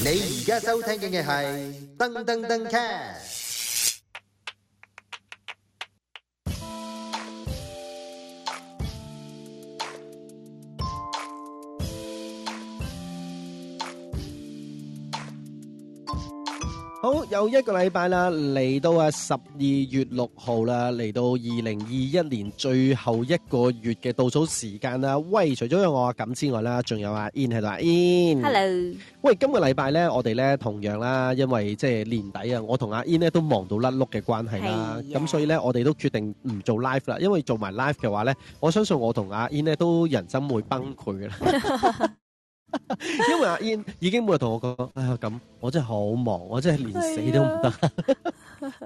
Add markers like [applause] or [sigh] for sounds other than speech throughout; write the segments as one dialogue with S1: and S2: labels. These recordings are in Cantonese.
S1: 你而家收聽嘅係噔噔噔 cat 又一個禮拜啦，嚟到啊十二月六號啦，嚟到二零二一年最後一個月嘅倒數時間啦。喂，除咗有我阿錦之外啦，仲有阿 Ian 喺度。阿 Ian，Hello。喂，今個禮拜呢，我哋呢同樣啦，因為即係年底啊，我同阿 Ian 呢都忙到甩碌嘅關係啦，咁的所以呢，我哋都決定唔做 live 啦，因為做埋 live 嘅話呢，我相信我同阿 Ian 呢都人生會崩潰嘅啦。 [laughs] 因為 [laughs] 阿燕已經每日同我講，哎呀咁，我真係好忙，我真係連死都唔得。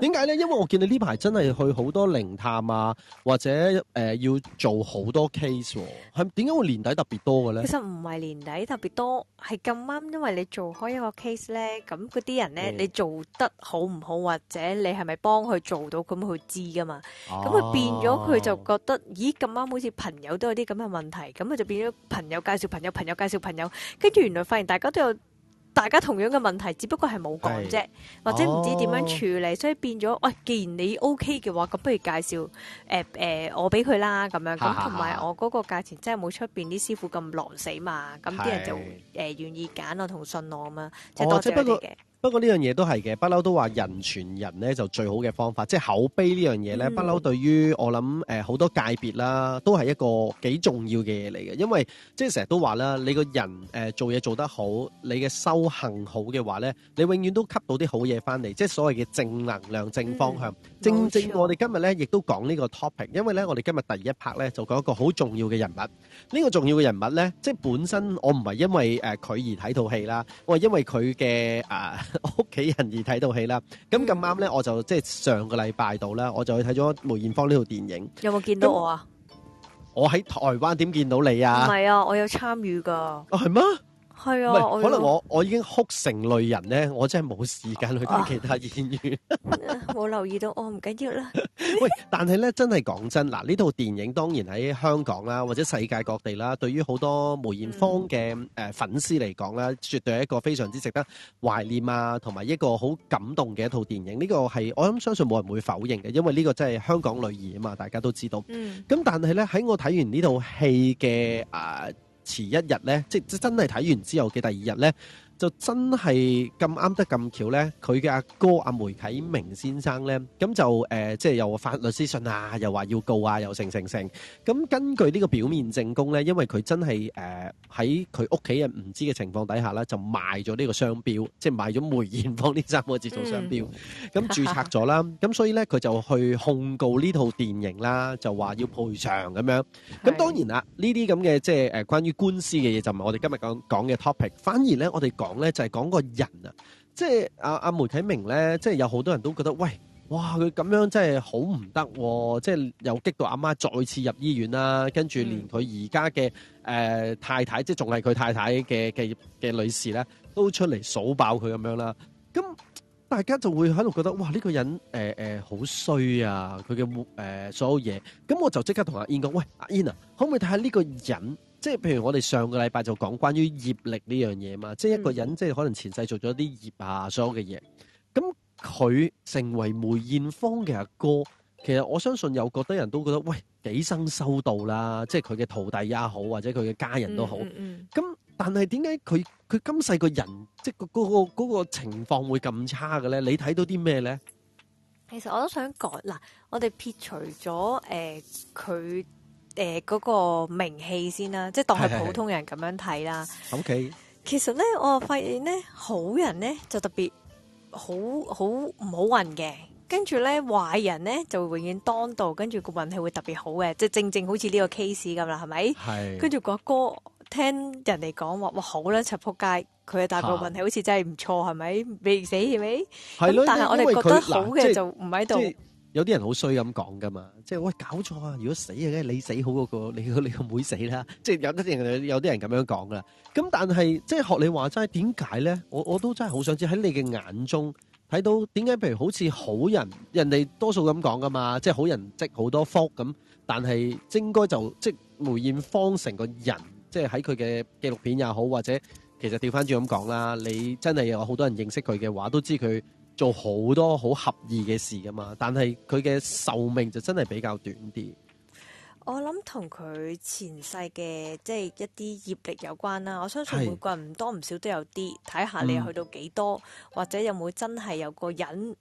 S1: 點解咧？因為我見你呢排真係去好多靈探啊，或者誒、呃、要做好多 case 喎。係點解會年底特別多嘅咧？其實
S2: 唔係年底特別多，係咁啱，因為你做開一個 case 咧，咁嗰啲人咧，你做得好唔好，或者你係咪幫佢做到，咁佢知噶嘛。咁佢、啊、變咗，佢就覺得，咦咁啱，好似朋友都有啲咁嘅問題，咁佢就變咗朋友介紹朋，朋，朋友，朋友介紹朋友，跟住原來發現大家都有。大家同樣嘅問題，只不過係冇講啫，是或者唔知點樣處理，哦、所以變咗。喂、哎，既然你 OK 嘅話，咁不如介紹誒誒我俾佢啦。咁樣，咁同埋我嗰個價錢真係冇出邊啲師傅咁狼死嘛。咁啲是人就誒願、呃、意揀我同信我啊嘛。哦，多謝即係不過。
S1: 不過呢樣嘢都係嘅，不嬲都話人傳人呢就最好嘅方法，即係口碑呢樣嘢咧，不嬲、嗯、對於我諗誒好多界別啦，都係一個幾重要嘅嘢嚟嘅，因為即係成日都話啦，你個人誒、呃、做嘢做得好，你嘅修行好嘅話呢，你永遠都吸到啲好嘢翻嚟，即係所謂嘅正能量正方向。嗯、正正我哋今日呢，亦都講呢個 topic，因為呢，我哋今日第一 part 呢，就講一個好重要嘅人物，呢、這個重要嘅人物呢，即係本身我唔係因為誒佢、呃、而睇套戲啦，我係因為佢嘅啊。呃屋企 [laughs] 人而睇到戲啦，咁咁啱咧，我就即係上個禮拜度啦，我就去睇咗梅艷芳呢套電影。有冇見到我啊？我喺台灣點見到你啊？唔
S2: 係啊，我有參與噶。啊、哦，係咩？係啊，不也可能我
S1: 我已經哭成淚人咧，我真係冇時間去睇其他演員、
S2: 啊。冇、啊、留意到我唔緊要啦。
S1: [laughs] 喂，但係咧，真係講真嗱，呢套電影當然喺香港啦，或者世界各地啦，對於好多梅艷芳嘅誒、嗯呃、粉絲嚟講咧，絕對係一個非常之值得懷念啊，同埋一個好感動嘅一套電影。呢、這個係我諗相信冇人會否認嘅，因為呢個真係香港女兒啊嘛，大家都知道。咁、嗯嗯、但係咧，喺我睇完呢套戲嘅誒。呃遲一日呢，即即真係睇完之後嘅第二日呢。就真係咁啱得咁巧咧，佢嘅阿哥阿梅啟明先生咧，咁就誒即係又發律師信啊，又話要告啊，又成成成。咁根據呢個表面證供咧，因為佢真係誒喺佢屋企人唔知嘅情況底下咧，就賣咗呢個商標，即係賣咗梅艷芳呢三個字做商標，咁註冊咗啦。咁所以咧，佢就去控告呢套電影啦，就話要賠償咁樣。咁當然啦，呢啲咁嘅即係誒關於官司嘅嘢，就唔係我哋今日講講嘅 topic。反而咧，我哋講。咧就係講個人啊，即係阿阿梅啟明咧，即係有好多人都覺得，喂，哇佢咁樣真係好唔得，即係又激到阿媽，媽再次入醫院啦、啊，跟住連佢而家嘅誒太太，即係仲係佢太太嘅嘅嘅女士咧，都出嚟數爆佢咁樣啦、啊。咁、嗯、大家就會喺度覺得，哇呢、這個人誒誒好衰啊，佢嘅誒所有嘢。咁、嗯、我就即刻同阿燕講，喂阿燕啊，可唔可以睇下呢個人？即係譬如我哋上個禮拜就講關於業力呢樣嘢嘛，嗯、即係一個人即係可能前世做咗啲業啊，所有嘅嘢，咁佢成為梅艷芳嘅阿哥，哥，其實我相信有覺得人都覺得喂，幾生修道啦，即係佢嘅徒弟也好，或者佢嘅家人都好，咁、嗯嗯嗯、但係點解佢佢今世個人、嗰個即係嗰個情況會咁差嘅咧？你睇到啲咩咧？
S2: 其實我都想講嗱，我哋撇除咗誒佢。呃誒，嗰個名氣先啦，即係當係普通人咁樣睇啦。OK，其實咧，我發現咧，好人咧就特別好好唔好運嘅，跟住咧壞人咧就會永遠當道，跟住個運氣會特別好嘅，即係正正好似呢個 case 咁啦，係咪？係的。跟住個歌聽人哋講話，哇，好啦，七仆街，佢嘅大哥運氣好似真係唔錯，係咪、啊？未死係咪？
S1: 咁的但係我哋覺得好嘅就唔喺度。有啲人好衰咁講噶嘛，即係喂搞錯啊！如果死啊，梗係你死好嗰個，你個你個妹妹死啦！ [laughs] 即係有啲人有啲人咁樣講啦。咁但係即係學你話齋，點解咧？我我都真係好想知喺你嘅眼中睇到點解？譬如好似好人，人哋多數咁講噶嘛，即係好人積好多福咁。但係應該就即係梅艷芳成個人，即係喺佢嘅紀錄片也好，或者其實調翻轉咁講啦。你真係有好多人認識佢嘅話，都知佢。做好多好合意嘅事噶嘛，但係佢嘅壽命就真係比較短啲。
S2: 我諗同佢前世嘅即係一啲業力有關啦。我相信每個人唔多唔少都有啲，睇下是你去到幾多，嗯、或者有冇真係有個人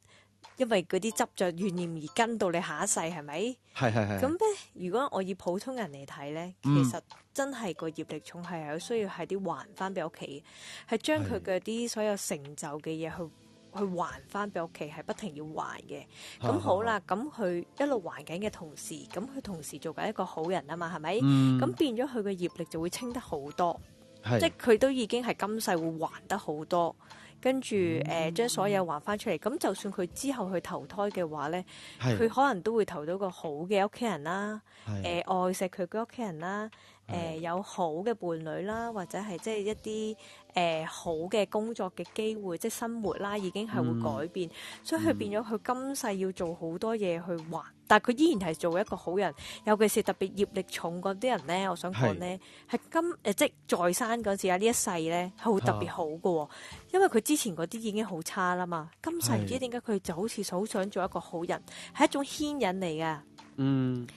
S2: 因為嗰啲執着怨念而跟到你下一世係咪？係係係。咁咧，如果我以普通人嚟睇咧，其實真係個業力重係有需要係啲還翻俾屋企係將佢嘅啲所有成就嘅嘢去。去還翻俾屋企，係不停要還嘅。咁、啊、好啦。咁佢、啊、一路還境還緊嘅同時，咁佢同時做緊一個好人啊嘛，係咪？咁、嗯、變咗佢嘅業力就會清得好多，是即係佢都已經係今世會還得好多，跟住將、嗯呃、所有還翻出嚟。咁、嗯、就算佢之後去投胎嘅話呢，佢是可能都會投到個好嘅屋企人啦，誒是、呃、愛錫佢嘅屋企人啦。誒、嗯呃、有好嘅伴侶啦，或者係即係一啲誒、呃、好嘅工作嘅機會，即係生活啦，已經係會改變，嗯、所以佢變咗佢今世要做好多嘢去還，嗯、但係佢依然係做一個好人。尤其是特別業力重嗰啲人咧，我想講咧係今誒即係在生嗰時啊，呢一世咧係會特別好嘅、哦，啊、因為佢之前嗰啲已經好差啦嘛。今世唔知點解佢就好似好想做一個好人，係是一種牽引嚟嘅。嗯。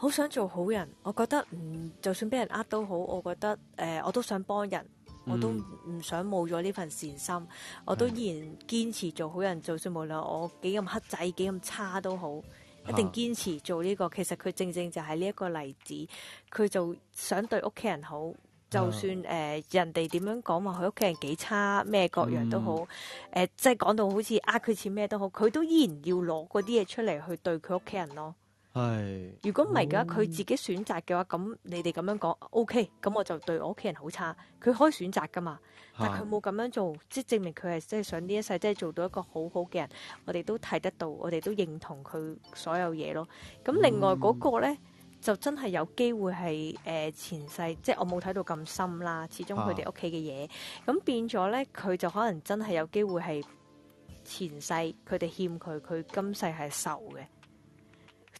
S2: 好想做好人，我覺得唔、嗯、就算俾人呃都好，我覺得、呃、我都想幫人，我都唔想冇咗呢份善心，我都依然堅持做好人，嗯、就算無論我幾咁黑仔、幾咁差都好，一定堅持做呢、呢個。啊、其實佢正正就係呢一個例子，佢就想對屋企人好，就算、啊呃、人哋點樣講話佢屋企人幾差咩各樣都好，誒、嗯呃、即係講到好似呃佢錢咩都好，佢都依然要攞嗰啲嘢出嚟去對佢屋企人咯。係，如果唔係嘅話，佢自己選擇嘅話，咁、嗯、你哋咁樣講，OK，咁我就對我屋企人好差。佢可以選擇噶嘛，啊、但佢冇咁樣做，即證明佢係即係想呢一世即係做到一個好好嘅人，我哋都睇得到，我哋都認同佢所有嘢咯。咁另外嗰個呢，嗯、就真係有機會係誒、呃、前世，即係我冇睇到咁深啦。始終佢哋屋企嘅嘢，咁、啊、變咗呢，佢就可能真係有機會係前世佢哋欠佢，佢今世係受嘅。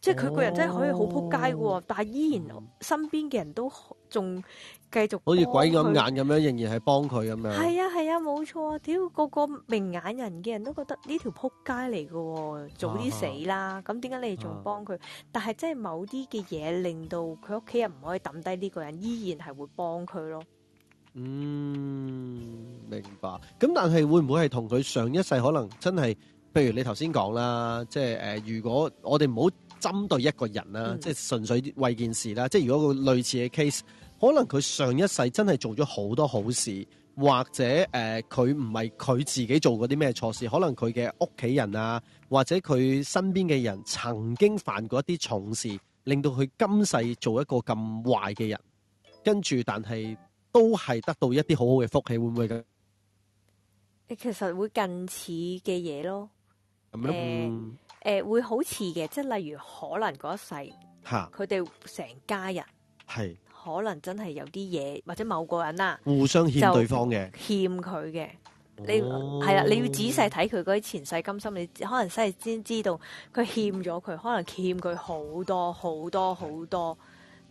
S2: 即係佢個人真係可以好扑街嘅，但係依然身邊嘅人都仲繼續好似鬼咁眼
S1: 咁樣，仍然係幫佢咁樣。係
S2: 啊係啊，冇錯啊！屌個個明眼人嘅人都覺得呢條扑街嚟㗎，早啲死啦！咁點解你哋仲幫佢？但係真係某啲嘅嘢，令到佢屋企人唔可以抌低呢個人，依然係會幫佢咯。嗯，
S1: 明白。咁但係會唔會係同佢上一世可能真係，譬如你頭先講啦，即係誒，如果我哋唔好。針對一個人啦、啊，嗯、即係純粹為件事啦、啊。即係如果個類似嘅 case，可能佢上一世真係做咗好多好事，或者誒佢唔係佢自己做過啲咩錯事，可能佢嘅屋企人啊，或者佢身邊嘅人曾經犯過一啲重事，令到佢今世做一個咁壞嘅人，跟住但係都係得到一啲好好嘅福氣，會唔會咁？
S2: 其實會近似嘅嘢咯，誒、嗯。嗯嗯。誒會好似嘅，即係例如可能嗰一世，佢哋成家人，
S1: 是
S2: 可能真係有啲嘢或者某個人啦、啊，互相欠對方嘅，欠佢嘅，你係啦、哦，你要仔細睇佢嗰啲前世今生，你可能先先知道佢欠咗佢，可能欠佢好多好多好多，很多很多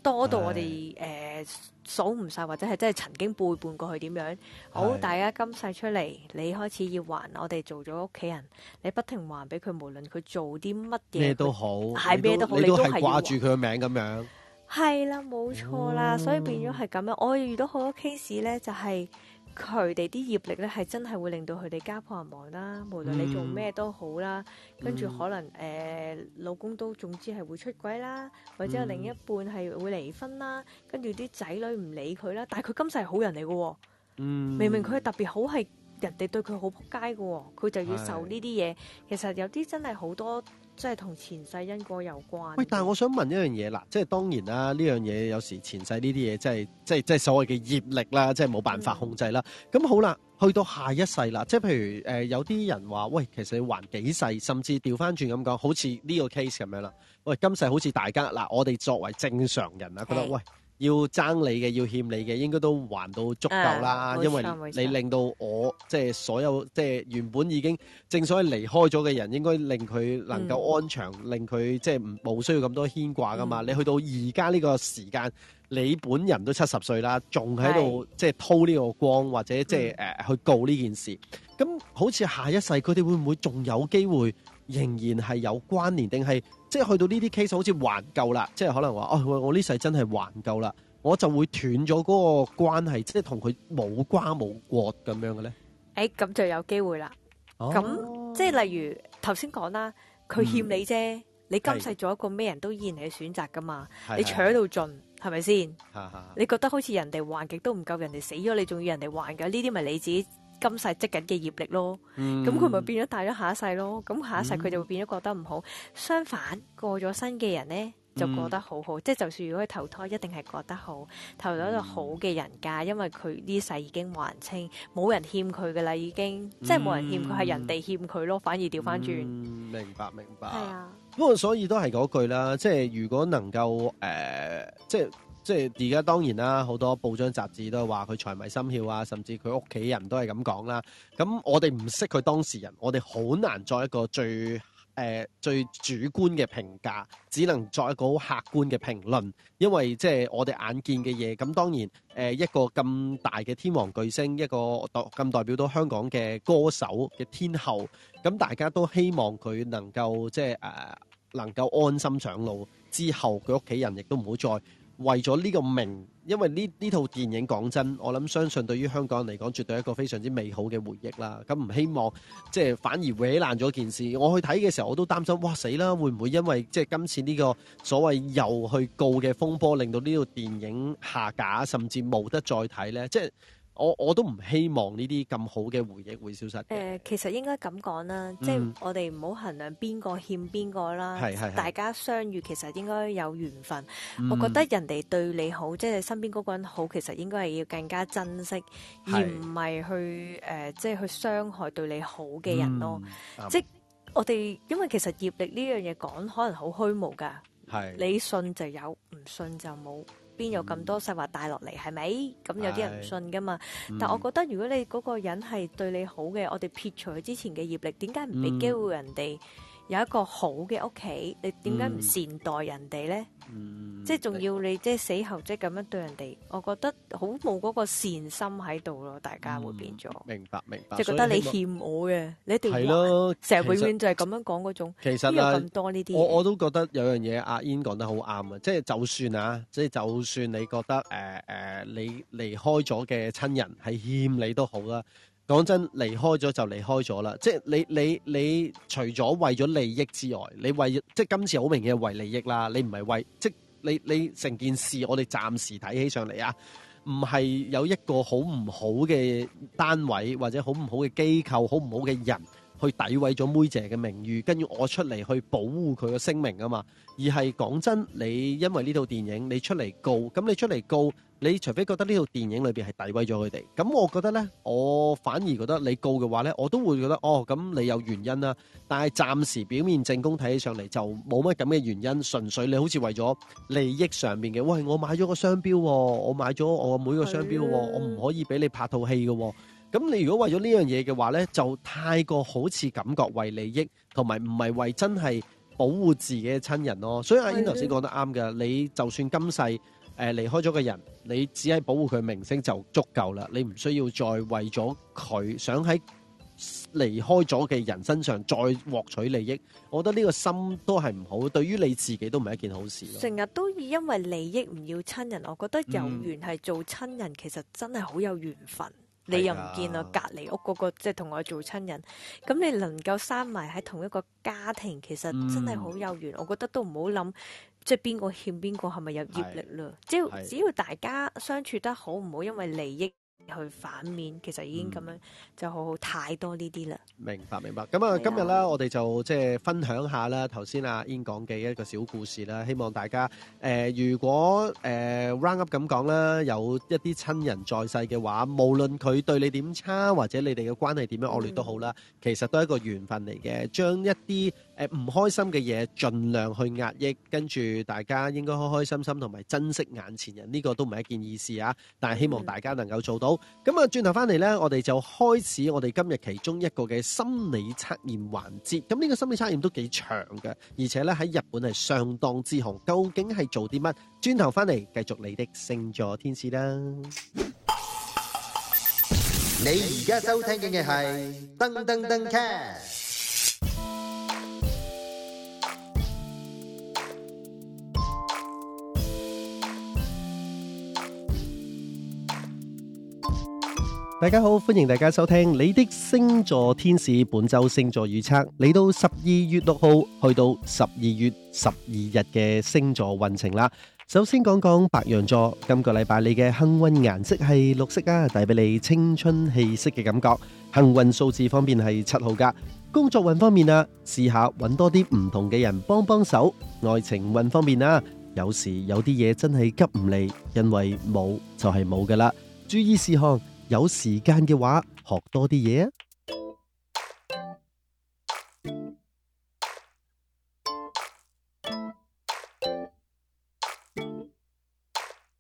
S2: 多到我哋誒的、呃、數唔晒，或者係真係曾經背叛過佢點樣？好，的大家今世出嚟，你開始要還我哋做咗屋企人，你不停還俾佢，無論佢做啲乜嘢都
S1: 好，係咩都好，你都係掛住佢嘅名咁樣。
S2: 係啦，冇錯啦，哎、呀所以變咗係咁樣。我遇到好多 case 咧，就係、是。佢哋啲業力咧係真係會令到佢哋家破人亡啦，無論你做咩都好啦，嗯、跟住可能誒、呃、老公都總之係會出軌啦，或者有另一半係會離婚啦，嗯、跟住啲仔女唔理佢啦，但佢今世係好人嚟嘅、哦，嗯，明明佢特別好，係人哋對佢好仆街嘅喎，佢就要受呢啲嘢。的其實有啲真係好多。即係同前世因果有關。喂，
S1: 但係我想問一樣嘢啦，即係當然啦，呢樣嘢有時前世呢啲嘢，即係即係即係所謂嘅業力啦，即係冇辦法控制啦。咁、嗯、好啦，去到下一世啦，即係譬如誒、呃，有啲人話，喂，其實你還幾世，甚至調翻轉咁講，好似呢個 case 咁樣啦。喂，今世好似大家嗱，我哋作為正常人啊，嘿覺得喂。要爭你嘅，要欠你嘅，應該都還到足夠啦。啊、因為你令到我，即、就、係、是、所有，即、就、係、是、原本已經正所謂離開咗嘅人，應該令佢能夠安詳，嗯、令佢即係唔冇需要咁多牽掛㗎嘛。嗯、你去到而家呢個時間，你本人都七十歲啦，仲喺度即係拖呢個光，或者即係、呃、去告呢件事。咁、嗯、好似下一世，佢哋會唔會仲有機會？仍然係有關聯，定係即係去到呢啲 case 好似還夠啦，即係可能話哦，我呢世真係還夠啦，我就會斷咗嗰個關係，即係同佢冇關冇過咁樣嘅咧。
S2: 誒，咁就有機會啦。咁、哦、即係例如頭先講啦，佢欠你啫，嗯、你今世做一個咩的人都依然係選擇噶嘛，的你搶到盡係咪先？你覺得好似人哋還極都唔夠，人哋死咗你仲要人哋還㗎，呢啲咪你自己？今世積緊嘅業力咯，咁佢咪變咗大咗下一世咯？咁下一世佢就會變咗覺得唔好。嗯、相反過咗身嘅人咧，就過得好好，嗯、即係就算如果佢投胎，一定係過得好，投咗一個好嘅人家，嗯、因為佢呢世已經還清，冇人欠佢噶啦，已經，嗯、即係冇人欠佢，係人哋欠佢咯，反而掉翻轉。明白明白。
S1: 不過、啊、所以都係嗰句啦，即係如果能夠誒、呃，即係。即係而家當然啦，好多報章雜誌都係話佢財迷心竅啊，甚至佢屋企人都係咁講啦。咁我哋唔識佢當事人，我哋好難作一個最誒、呃、最主觀嘅評價，只能作一個好客觀嘅評論，因為即係我哋眼見嘅嘢。咁當然誒一個咁大嘅天王巨星，一個代咁代表到香港嘅歌手嘅天后，咁大家都希望佢能夠即係誒能夠安心上路之後，佢屋企人亦都唔好再。為咗呢個名，因為呢呢套電影講真，我諗相信對於香港人嚟講，絕對係一個非常之美好嘅回憶啦。咁唔希望即係反而毀爛咗件事。我去睇嘅時候，我都擔心，哇，死啦！會唔會因為即係今次呢個所謂又去告嘅風波，令到呢套電影下架，甚至冇得再睇呢？即即係。我我都唔希望呢啲咁好嘅回憶會消失。誒、呃，
S2: 其實應該咁講啦，嗯、即係我哋唔好衡量邊個欠邊個啦。大家相遇其實應該有緣分。嗯、我覺得人哋對你好，即係身邊嗰個人好，其實應該係要更加珍惜，是而唔係去誒、呃，即係去傷害對你好嘅人咯。嗯、即我哋，因為其實業力呢樣嘢講，可能好虛無㗎。是你信就有，唔信就冇。邊有咁多世話帶落嚟係咪？咁有啲人唔信噶嘛。的但我覺得如果你嗰個人係對你好嘅，我哋撇除佢之前嘅業力，點解唔俾機會人哋？嗯有一個好嘅屋企，你點解唔善待人哋咧、嗯？即係仲要你即係死後即係咁樣對人哋，明白，我覺得好冇嗰個善心喺度咯。大家會變咗，明白明白，即係覺得你欠我嘅，你一定要。係咯，成日永遠就係咁樣講嗰種，其實有咁多呢啲，我
S1: 我都覺得有樣嘢阿煙講得好啱啊！即係就算啊，即係就算你覺得誒誒、呃呃，你離開咗嘅親人係欠你都好啦。講真，離開咗就離開咗啦，即係你你你除咗為咗利益之外，你為即係今次好明顯係為利益啦，你唔係為即係你你成件事，我哋暫時睇起上嚟啊，唔係有一個好唔好嘅單位或者好唔好嘅機構，好唔好嘅人。去詆毀咗妹姐嘅名譽，跟住我出嚟去保護佢嘅聲明啊嘛，而係講真，你因為呢套電影你出嚟告，咁你出嚟告，你除非覺得呢套電影裏邊係詆毀咗佢哋，咁我覺得呢，我反而覺得你告嘅話呢，我都會覺得哦，咁你有原因啦、啊，但係暫時表面正宮睇起上嚟就冇乜咁嘅原因，純粹你好似為咗利益上面嘅，喂，我買咗個商標、哦，我買咗我妹個商標、哦，的我唔可以俾你拍套戲嘅。咁你如果為咗呢樣嘢嘅話呢，就太過好似感覺為利益，同埋唔係為真係保護自己嘅親人咯。所以阿英頭先講得啱嘅，的你就算今世誒離開咗個人，你只係保護佢名聲就足夠啦，你唔需要再為咗佢想喺離開咗嘅人身上再獲取利益。我覺得呢個心都係唔好，對於你自己都唔係一件好事。成
S2: 日都以因為利益唔要親人，我覺得有緣係做親人，嗯、其實真係好有緣分。你又唔見啊，的隔離屋嗰、嗰個，即係同我做親人，咁你能夠生埋喺同一個家庭，其實真係好有緣。嗯、我覺得都唔好諗，即係邊個欠邊個係咪有業力咯？的只要的只要大家相處得好，唔好因為利益。去反面，其實已經咁樣、嗯、就好好太多呢啲啦。明白明白，咁啊今日咧，
S1: 的我哋就即係分享一下啦。頭先阿 Ian 講嘅一個小故事啦，希望大家誒、呃、如果誒、呃、round up 咁講啦，有一啲親人在世嘅話，無論佢對你點差，或者你哋嘅關係點樣惡劣都好啦，嗯、其實都係一個緣分嚟嘅，將一啲，誒唔開心嘅嘢，盡量去壓抑，跟住大家應該開開心心，同埋珍惜眼前人，呢、這個都唔係一件易事啊！但係希望大家能夠做到。咁啊、嗯，轉頭翻嚟呢，我哋就開始我哋今日其中一個嘅心理測驗環節。咁呢個心理測驗都幾長嘅，而且咧喺日本係相當之紅。究竟係做啲乜？轉頭翻嚟，繼續你的星座天使啦！你而家收聽緊嘅係噔噔噔 cast。登登登卡。大家好，歡迎大家收聽你的星座天使本周星座預測，嚟到十二月六號去到十二月十二日嘅星座運程啦。首先講講白羊座，今個禮拜你嘅幸運顏色係綠色啊，帶俾你青春氣息嘅感覺。幸運數字方面係七號噶，工作運方面啊，試下揾多啲唔同嘅人幫幫手。愛情運方面啊，有時有啲嘢真係急唔嚟，因為冇就係冇噶啦。注意事項。有時間嘅話，學多啲嘢啊！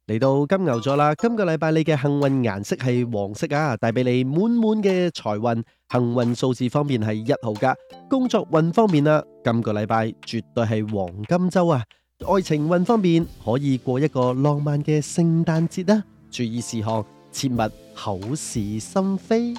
S1: 嚟到金牛座啦，今個禮拜你嘅幸運顏色係黃色啊，帶俾你滿滿嘅財運。幸運數字方面係一號噶，工作運方面啊，今個禮拜絕對係黃金周啊。愛情運方面可以過一個浪漫嘅聖誕節啊，注意事項切勿。口是心非，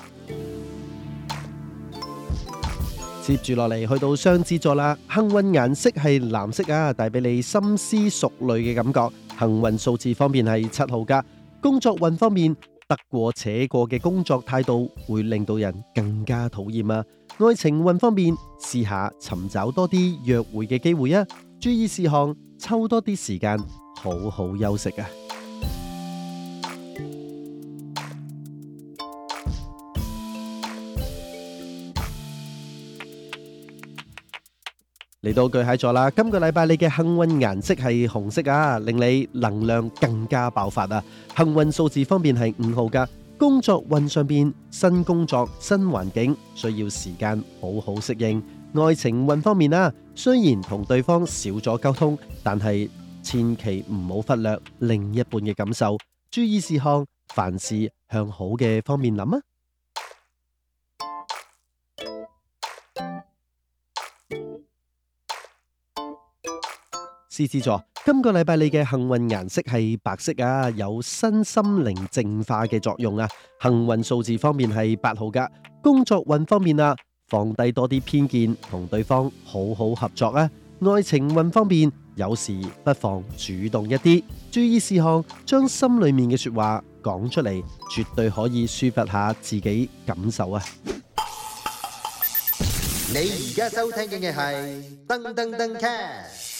S1: 接住落嚟去到雙子座啦。幸運顏色係藍色啊，帶俾你深思熟慮嘅感覺。幸運數字方面係七號㗎。工作運方面，得過且過嘅工作態度會令到人更加討厭啊。愛情運方面，試下尋找多啲約會嘅機會啊。注意事項，抽多啲時間好好休息啊。嚟到巨蟹座啦，今個禮拜你嘅幸運顏色係紅色啊，令你能量更加爆發啊。幸運數字方面係五號噶，工作運上邊，新工作新環境需要時間好好適應。愛情運方面啦，啊，雖然同對方少咗溝通，但係千祈唔好忽略另一半嘅感受，注意事項，凡事向好嘅方面諗，啊。獅子座，今個禮拜你嘅幸運顏色係白色啊，有新心靈淨化嘅作用啊。幸運數字方面係八號噶。工作運方面啊，放低多啲偏見，同對方好好合作啊。愛情運方面，有時不妨主動一啲，注意事項，將心裏面嘅說話講出嚟，絕對可以抒發下自己感受啊。你而家收聽緊嘅係登登登 c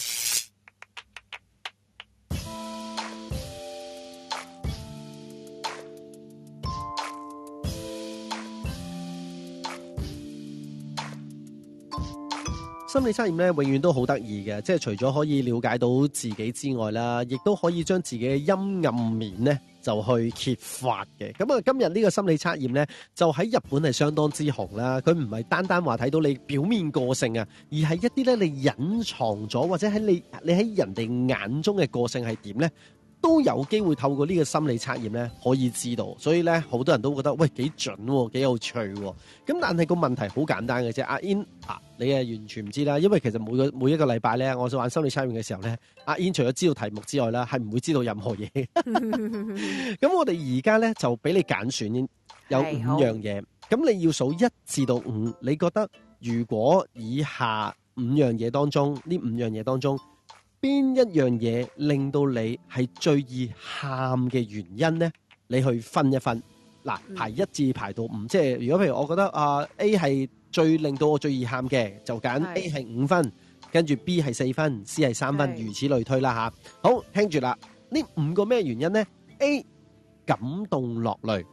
S1: 心理測驗咧，永遠都好得意嘅，即係除咗可以了解到自己之外啦，亦都可以將自己嘅陰暗面咧就去揭發嘅。咁啊，今日呢個心理測驗咧，就喺日本係相當之紅啦。佢唔係單單話睇到你表面個性啊，而係一啲咧你隱藏咗或者喺你你喺人哋眼中嘅個性係點咧？都有機會透過呢個心理測驗咧，可以知道，所以咧好多人都覺得喂，幾準喎，幾有趣喎。咁但係個問題好簡單嘅啫，阿 Ian 啊，你係完全唔知啦，因為其實每個每一個禮拜咧，我想玩心理測驗嘅時候咧，阿 Ian 除咗知道題目之外啦，係唔會知道任何嘢。咁 [laughs] [laughs] [laughs] 我哋而家咧就俾你揀選，有五樣嘢。咁好你要數一至到五，5，你覺得如果以下五樣嘢當中，呢五樣嘢當中。邊一樣嘢令到你係最易喊嘅原因呢？你去分一分嗱，排一至排到五。嗯、即係如果譬如我覺得啊 A 係最令到我最易喊嘅，就揀 A 係五分，是跟住 B 係四分，C 係三分，分是如此類推啦吓。好，聽住啦。呢五個咩原因呢？A 感動落淚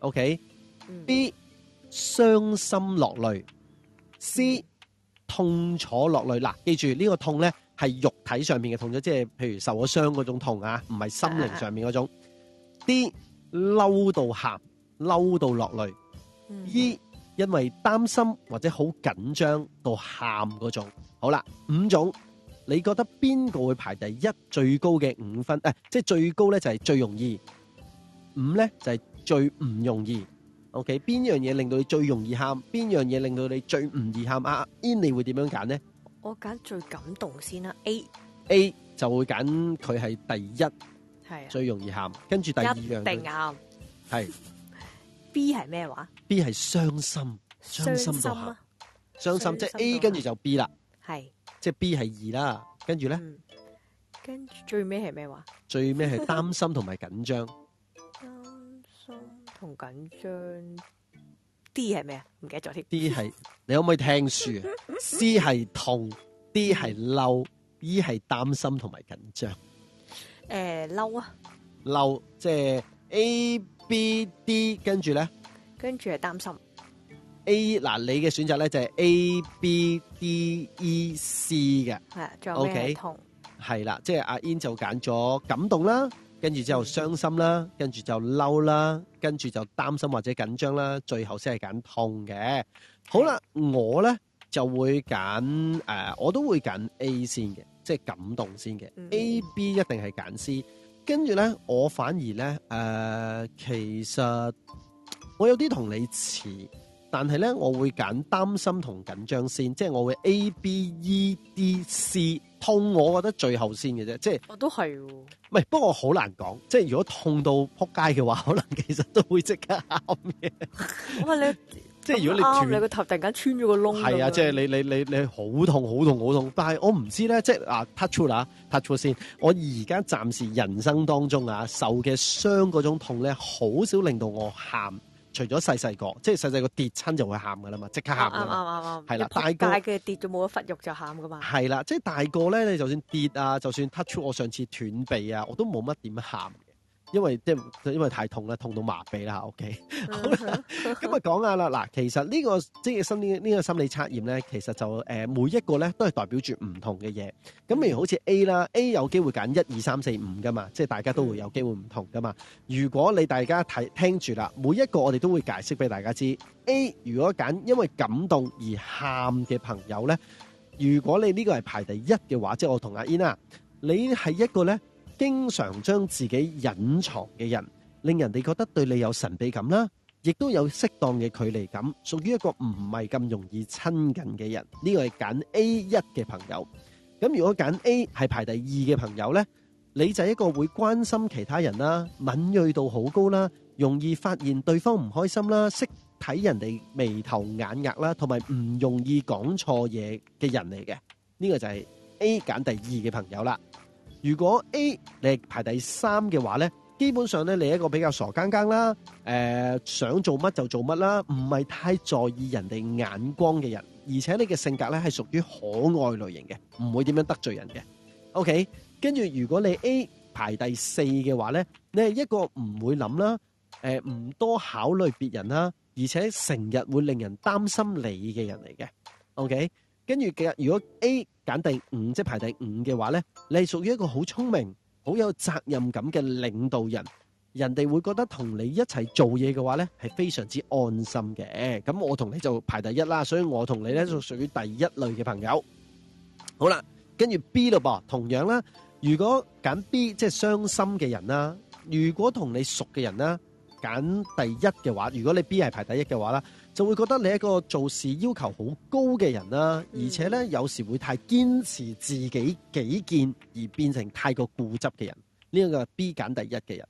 S1: ，OK、嗯。B 傷心落淚，C 痛楚落淚。嗱，記住呢、呢個痛呢。係肉體上面嘅痛咗，即係譬如受咗傷嗰種痛啊，唔係心靈上面嗰種。D 嬲、啊、到喊，嬲到落淚，嗯，e 因為擔心或者好緊張到喊嗰種。好啦，五種你覺得邊個會排第一最高嘅五分？誒、啊，即係最高咧就係最容易，五咧就係最唔容易。O K，邊樣嘢令到你最容易喊？邊樣嘢令到你最唔易喊啊 Annie 會點樣揀咧？
S2: 我揀最感動先啦，A
S1: A 就會揀佢係第一，
S2: 係、啊、最
S1: 容易喊，跟住第二樣是定啱、啊、係是
S2: [laughs] B 係咩話
S1: ？B 係傷心，傷心到喊，
S2: 傷心即係 A 跟住就 B 啦，係
S1: 是即係 B 係二啦，跟住咧、嗯，
S2: 跟住最尾係咩話？
S1: 最尾係擔心同埋緊張，
S2: 擔 [laughs] 心同緊張。D 係咩啊？唔記得
S1: 咗添。D 係，你可唔可以聽書啊？C 係痛，D 係嬲，E 係擔心同埋緊張。
S2: 誒，嬲啊！
S1: 嬲，即係 A、B、D，跟住咧，
S2: 跟住係擔心。
S1: A，嗱你嘅選擇咧就係 A、B、D、E、C 嘅。係。
S2: 仲有咩唔同？OK，
S1: 係啦，即係阿 Ian 就揀咗感動啦。跟住之後傷心啦，跟住就嬲啦，跟住就擔心或者緊張啦，最後先係揀痛嘅。好啦，我呢就會揀、呃、我都會揀 A 先嘅，即係感動先嘅。A B 一定係揀 C，跟住呢，我反而呢，呃、其實我有啲同你似，但係呢，我會揀擔心同緊張先，即係我會 A B E D C。痛，我覺得最後先嘅啫，即係我都係，唔係、哦哦、不，不過我好難講，即係如果痛到撲街嘅話，可能其實都會的 [laughs] 的即刻喊嘅。
S2: 我話你，
S1: 即係如果你斷你個
S2: 頭突然間穿咗個窿，係啊，即係
S1: 你你你你好痛好痛好痛，但係我唔知咧，即係啊 touch 啊 touch 先，我而家暫時人生當中啊受嘅傷嗰種痛咧，好少令到我喊。除咗細細個，即係細細個跌親就會喊噶啦嘛，即刻喊噶啦，
S2: 係啦，大個跌咗冇一忽肉就喊噶嘛。
S1: 係啦，即係大個咧，你就算跌啊，就算 touch 我上次斷臂啊，我都冇乜點喊。因為即係因為太痛啦，痛到麻痹啦吓。O K，好
S2: 啦，
S1: 咁啊講下啦嗱，其實呢個即係心理呢呢個心理測驗咧，其實就誒每一個咧都係代表住唔同嘅嘢。咁譬如好似 A 啦，A 有機會揀一二三四五噶嘛，即係大家都會有機會唔同噶嘛。如果你大家睇聽住啦，每一個我哋都會解釋俾大家知。A 如果揀因為感動而喊嘅朋友咧，如果你呢個係排第一嘅話，即係我同阿 In 啊，你係一個咧。，經常將自己隱藏嘅人，令人哋覺得對你有神秘感啦，亦都有適當嘅距離感，屬於一個唔係咁容易親近嘅人。呢個係揀 A 1嘅朋友。咁如果揀 A 係排第二嘅朋友呢？你就係一個會關心其他人啦，敏銳度好高啦，容易發現對方唔開心啦，識睇人哋眉頭眼額啦，同埋唔容易講錯嘢嘅人嚟嘅。呢、這個就係 A 揀第二嘅朋友啦。如果 A 你排第三嘅話咧，基本上咧你係一個比較傻更更啦，誒、呃、想做乜就做乜啦，唔係太在意人哋眼光嘅人，而且你嘅性格咧係屬於可愛類型嘅，唔會點樣得罪人嘅。OK，跟住如果你 A 排第四嘅話咧，你係一個唔會諗啦，誒、呃、唔多考慮別人啦，而且成日會令人擔心你嘅人嚟嘅。OK，跟住如果 A。揀第五，即排第五嘅話呢，你係屬於一個好聰明、好有責任感嘅領導人，人哋會覺得同你一齊做嘢嘅話呢，係非常之安心嘅。咁我同你就排第一啦，所以我同你呢就屬於第一類嘅朋友。好啦，跟住 B 咯噃，同樣啦，如果揀 B 即係傷心嘅人啦，如果同你熟嘅人啦，揀第一嘅話，如果你 B 係排第一嘅話啦。就會覺得你一個做事要求好高嘅人啦，而且咧有時會太堅持自己己見而變成太過固執嘅人，呢一個係 B 揀第一嘅人。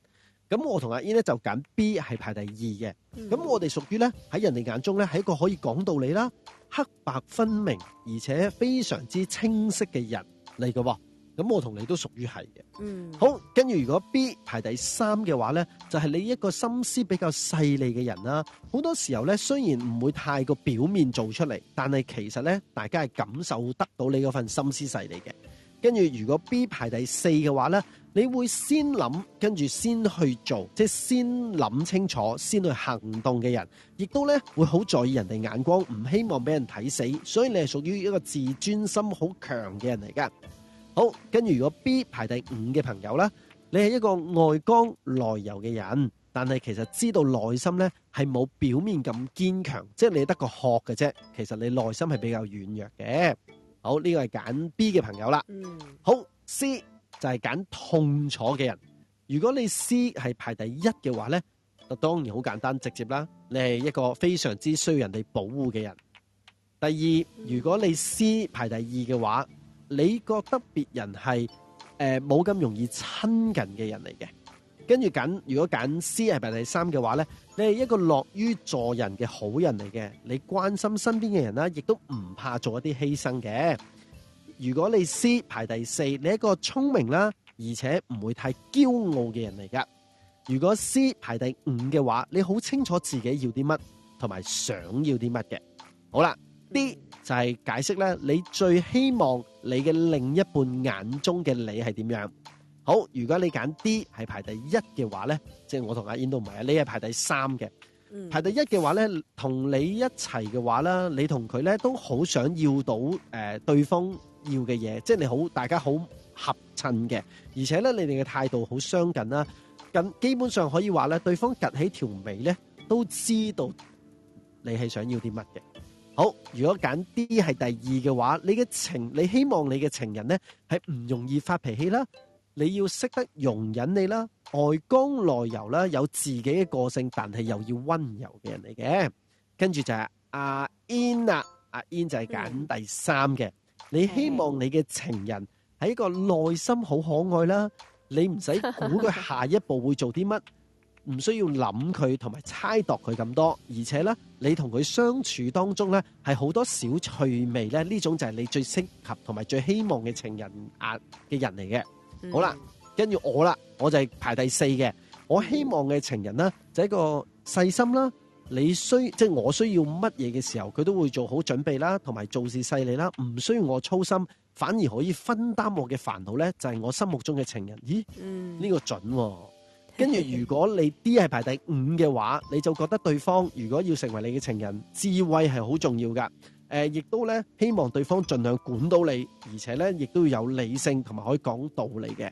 S1: 咁我同阿姨咧就揀 B 係排第二嘅。咁我哋屬於咧喺人哋眼中咧係一個可以講道理啦、黑白分明而且非常之清晰嘅人嚟嘅。咁我同你都屬於係嘅。嗯，好，跟住如果 B 排第三嘅話呢，就係你一個心思比較細膩嘅人啦。好多時候呢，雖然唔會太過表面做出嚟，但係其實呢，大家係感受得到你嗰份心思細膩嘅。跟住如果 B 排第四嘅話呢，你會先諗，跟住先去做，即係先諗清楚先去行動嘅人，亦都呢，會好在意人哋眼光，唔希望俾人睇死，所以你係屬於一個自尊心好強嘅人嚟㗎。好，跟住如果 B 排第五嘅朋友啦，你係一個外剛內柔嘅人，但係其實知道內心咧，係冇表面咁堅強，即係你得個殼嘅啫，其實你內心係比較軟弱嘅。好，呢個係揀 B 嘅朋友啦。嗯。好，C 就係揀痛楚嘅人。如果你 C 係排第一嘅話咧，就當然好簡單直接啦，你係一個非常之需要人哋保護嘅人。第二，如果你 C 排第二嘅話。你覺得別人係誒冇咁容易親近嘅人嚟嘅，跟住揀如果揀 C 係排第三嘅話咧，你係一個樂於助人嘅好人嚟嘅，你關心身邊嘅人啦，亦都唔怕做一啲犧牲嘅。如果你 C 排第四，你係一個聰明啦，而且唔會太驕傲嘅人嚟噶。如果 C 排第五嘅話，你好清楚自己要啲乜，同埋想要啲乜嘅。好啦，D。就係解釋咧，你最希望你嘅另一半眼中嘅你係點樣？好，如果你揀 D 係排第一嘅話咧，即係我同阿燕都唔係啊，你係排第三嘅。嗯、排第一嘅話咧，同你一齊嘅話呢，你同佢咧都好想要到誒、呃、對方要嘅嘢，即係你好，大家好合襯嘅，而且咧你哋嘅態度好相近啦，咁基本上可以話咧，對方趷起條眉咧都知道你係想要啲乜嘅。好，如果揀 D 係第二嘅話，你嘅情你希望你嘅情人呢係唔容易發脾氣啦，你要識得容忍你啦，外剛內柔啦，有自己嘅個性，但係又要溫柔嘅人嚟嘅。跟住就係阿 In 啊，阿 In 就係揀第三嘅，你希望你嘅情人係一個內心好可愛啦，你唔使估佢下一步會做啲乜。 [laughs] 唔需要諗佢同埋猜度佢咁多，而且呢，你同佢相處當中呢，係好多小趣味呢，呢種就係你最適合同埋最希望嘅情人啊嘅人嚟嘅。嗯、好啦，跟住我啦，我就係排第四嘅。我希望嘅情人呢，就係、一個細心啦，你需即係、就是、我需要乜嘢嘅時候，佢都會做好準備啦，同埋做事細膩啦，唔需要我操心，反而可以分擔我嘅煩惱呢，就係、是、我心目中嘅情人。咦？呢、嗯、個準、啊。跟住，如果你 D 係排第五嘅話，你就覺得對方如果要成為你嘅情人，智慧係好重要噶誒、呃，亦都咧希望對方盡量管到你，而且咧亦都要有理性，同埋可以講道理嘅。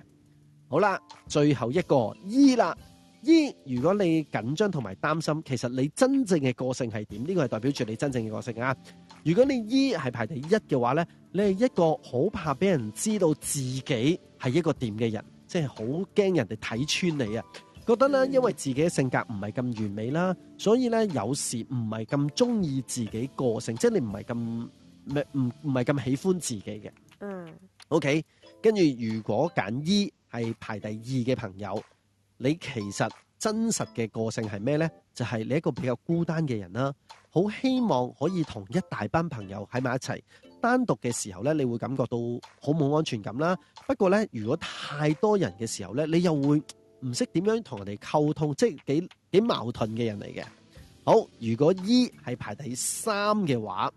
S1: 好啦，最後一個 E 啦，E 如果你緊張同埋擔心，其實你真正嘅個性係點？呢、這個係代表住你真正嘅個性啊。如果你 E 係排第一嘅話咧，你係一個好怕俾人知道自己係一個點嘅人。即係好驚人哋睇穿你啊！覺得咧，因為自己嘅性格唔係咁完美啦，所以咧有時唔係咁中意自己個性，即係你唔係咁唔唔唔係咁喜歡自己嘅。嗯，OK。跟住，如果揀 E 係排第二嘅朋友，你其實真實嘅個性係咩咧？就係你一個比較孤單嘅人啦，好希望可以同一大班朋友喺埋一齊。單獨嘅時候咧，你會感覺到好冇安全感啦。不過咧，如果太多人嘅時候咧，你又會唔識點樣同人哋溝通，即係幾幾矛盾嘅人嚟嘅。好，如果 E 係排第三嘅話，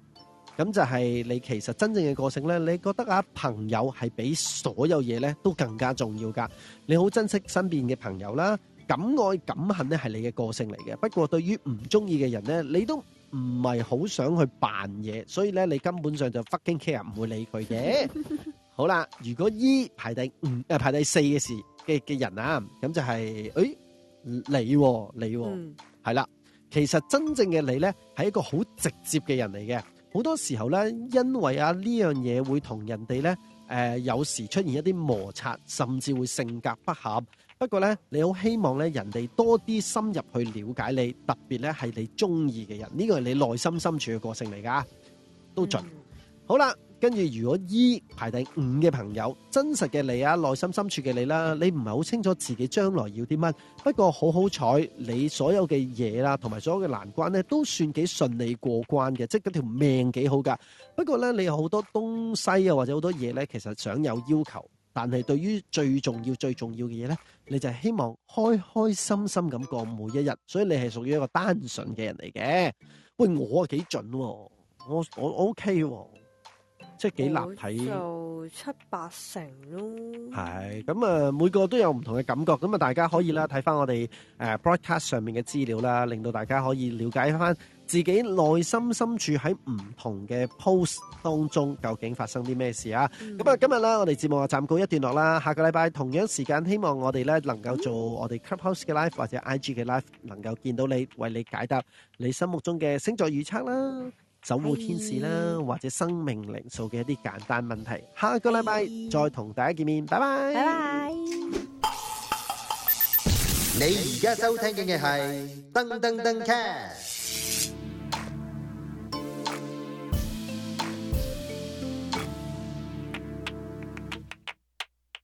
S1: 咁就係你其實真正嘅個性咧。你覺得啊，朋友係比所有嘢咧都更加重要噶。你好珍惜身邊嘅朋友啦，敢愛敢恨咧係你嘅個性嚟嘅。不過對於唔中意嘅人咧，你都。唔係好想去扮嘢，所以咧你根本上就北京 care 唔會理佢嘅。 [laughs] 好啦，如果 E 排第五誒排第四嘅時嘅嘅人啊，咁就係、是、誒、欸、你、啊、你係、啊、啦、嗯，其實真正嘅你咧係一個好直接嘅人嚟嘅，好多時候咧因為啊、這個、呢樣嘢會同人哋咧誒有時出現一啲摩擦，甚至會性格不合。不過咧，你好希望咧，人哋多啲深入去了解你，特別咧係你中意嘅人呢個係你內心深處嘅個性嚟噶，都盡、嗯、好啦。跟住如果 E 排第五嘅朋友，真實嘅你啊，內心深處嘅你啦，你唔係好清楚自己將來要啲乜，不過好好彩，你所有嘅嘢啦，同埋所有嘅難關咧，都算幾順利過關嘅，即係嗰條命幾好噶。不過咧，你有好多東西啊，或者好多嘢咧，其實想有要求，但係對於最重要、最重要嘅嘢咧，你就係希望開開心心咁過每一日，所以你係屬於一個單純嘅人嚟嘅。喂，我幾準喎，我我我 OK 喎，即係幾立體。就
S2: 七八成咯。
S1: 係咁啊，每個都有唔同嘅感覺，咁啊大家可以咧睇翻我哋誒 broadcast 上面嘅資料啦，令到大家可以了解翻。自己內心深處喺唔同嘅 post 當中，究竟發生啲咩事啊？咁啊，今日咧，我哋節目啊，暫告一段落啦。下個禮拜同樣時間，希望我哋咧能夠做我哋 Clubhouse 嘅 live 或者 IG 嘅 live，能夠見到你，為你解答你心目中嘅星座預測啦、守護天使啦，或者生命靈數嘅一啲簡單問題。下個禮拜再同大家見面，拜拜。拜拜。你而家收聽緊嘅係噔噔噔 cast。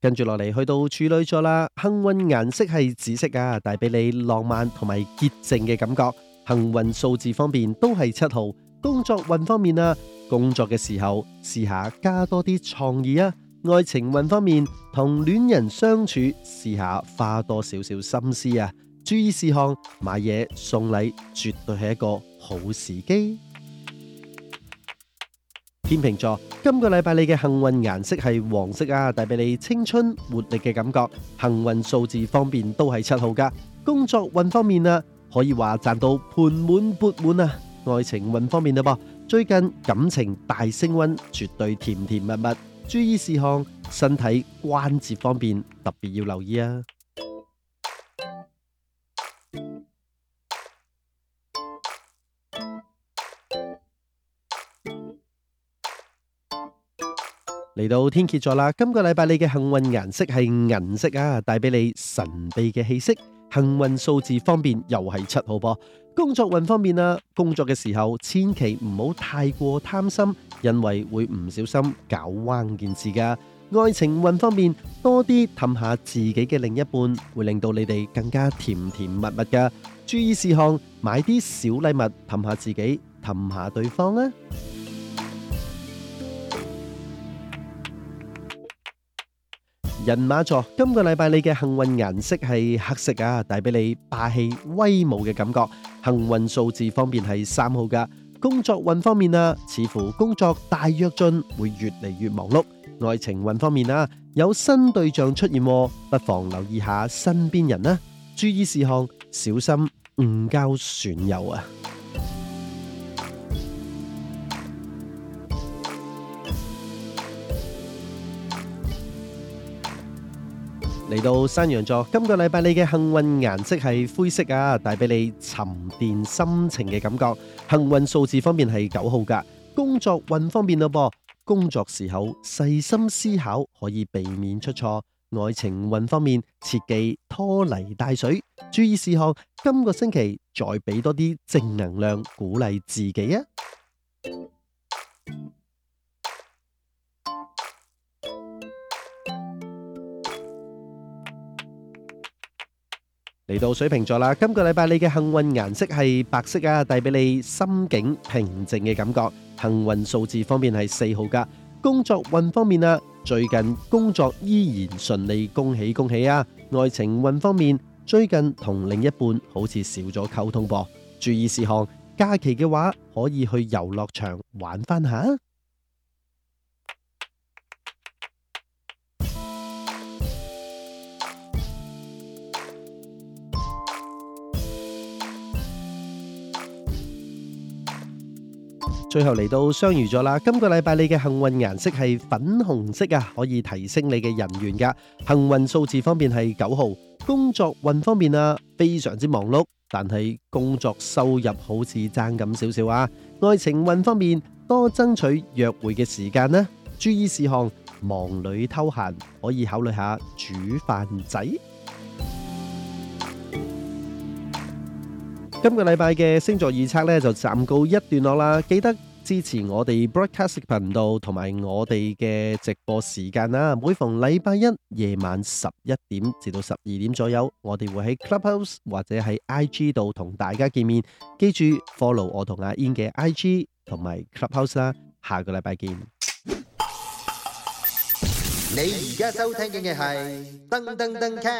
S1: 跟住落嚟去到處女座啦，幸運顏色係紫色啊，帶俾你浪漫同埋潔淨嘅感覺。幸運數字方面都係七號。工作運方面啊，工作嘅時候試下加多啲創意啊。愛情運方面，同戀人相處試下花多少少心思啊，注意事項，買嘢、送禮絕對係一個好時機。天秤座，今個禮拜你嘅幸運顏色係黃色啊，帶俾你青春活力嘅感覺。幸運數字方面都係七號噶。工作運方面啊，可以話賺到盆滿缽滿啊。愛情運方面啊，噃，最近感情大升溫，絕對甜甜蜜蜜。注意事項，身體關節方面特別要留意啊。嚟到天蠍座啦，今個禮拜你嘅幸運顏色係銀色啊，帶俾你神秘嘅氣息。幸運數字方面又係七號噃。工作運方面啊，工作嘅時候千祈唔好太過貪心，因為會唔小心搞歪件事噶。愛情運方面，多啲氹下自己嘅另一半，會令到你哋更加甜甜蜜蜜噶。注意事項，買啲小禮物氹下自己，氹下對方啊。人馬座，今個禮拜你嘅幸運顏色係黑色啊，帶俾你霸氣威武嘅感覺。幸運數字方面係三號噶，工作運方面啊，似乎工作大躍進會越嚟越忙碌。愛情運方面啊，有新對象出現，不妨留意下身邊人啊。注意事項，小心誤交損友啊！嚟到山羊座，今個禮拜你嘅幸運顏色係灰色啊，帶俾你沉澱心情嘅感覺。幸運數字方面係九號噶，工作運方便咯噃。工作時候細心思考，可以避免出錯。愛情運方面切忌拖泥帶水，注意事項。今個星期再俾多啲正能量鼓勵自己啊！嚟到水瓶座啦，今個禮拜你嘅幸運顏色係白色啊，帶俾你心境平靜嘅感覺。幸運數字方面係四號噶，工作運方面啊，最近工作依然順利，恭喜恭喜啊！愛情運方面，最近同另一半好似少咗溝通噃，啊，注意事項。假期嘅話，可以去遊樂場玩翻下。最後嚟到雙魚座啦，今個禮拜你嘅幸運顏色係粉紅色啊，可以提升你嘅人緣噶。幸運數字方面係九號，工作運方面啊非常之忙碌，但係工作收入好似爭咁少少啊。愛情運方面多爭取約會嘅時間啦，注意事項，忙裏偷閒，可以考慮下煮飯仔。今個禮拜嘅星座預測咧就暫告一段落啦，記得支持我哋 broadcast 頻道同埋我哋嘅直播時間啦。每逢禮拜一夜晚十一點至到十二點左右，我哋會喺 Clubhouse 或者喺 IG 度同大家見面。記住 follow 我同阿 Ian 嘅 IG 同埋 Clubhouse 啦。下個禮拜見。你
S2: 而家收聽嘅係噔噔噔卡。